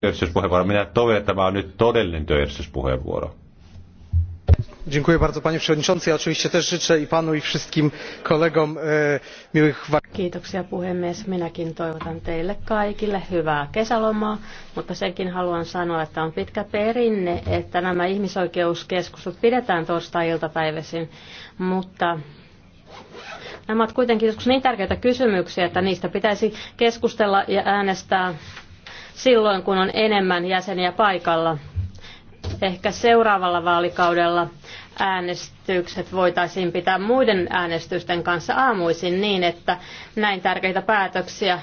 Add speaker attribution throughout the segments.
Speaker 1: työjärjestyspuheenvuoro. Minä toivon, että tämä on nyt todellinen työjärjestyspuheenvuoro.
Speaker 2: Dziękuję bardzo panie przewodniczący. Ja oczywiście też życzę i panu i wszystkim kolegom e, miłych Kiitoksia
Speaker 3: puhemies. Minäkin toivotan teille kaikille hyvää kesälomaa, mutta senkin haluan sanoa, että on pitkä perinne, että nämä ihmisoikeuskeskustelut pidetään torstai-iltapäivisin, mutta nämä ovat kuitenkin joskus niin tärkeitä kysymyksiä, että niistä pitäisi keskustella ja äänestää silloin, kun on enemmän jäseniä paikalla. Ehkä seuraavalla vaalikaudella äänestykset voitaisiin pitää muiden äänestysten kanssa aamuisin niin, että näin tärkeitä päätöksiä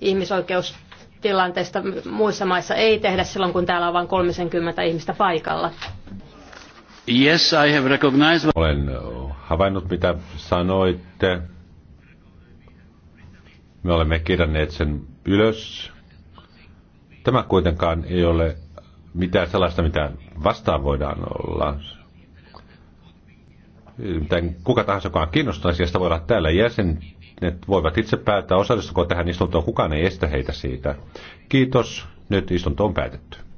Speaker 3: ihmisoikeustilanteista muissa maissa ei tehdä silloin, kun täällä on vain 30 ihmistä paikalla.
Speaker 1: Yes, I have recognized... Olen havainnut, mitä sanoitte. Me olemme kirjanneet sen ylös. Tämä kuitenkaan ei ole mitään sellaista, mitä vastaan voidaan olla. Miten kuka tahansa, joka on kiinnostunut asiasta, voi olla täällä ne voivat itse päättää, osallistuko tähän istuntoon. Kukaan ei estä heitä siitä. Kiitos. Nyt istunto on päätetty.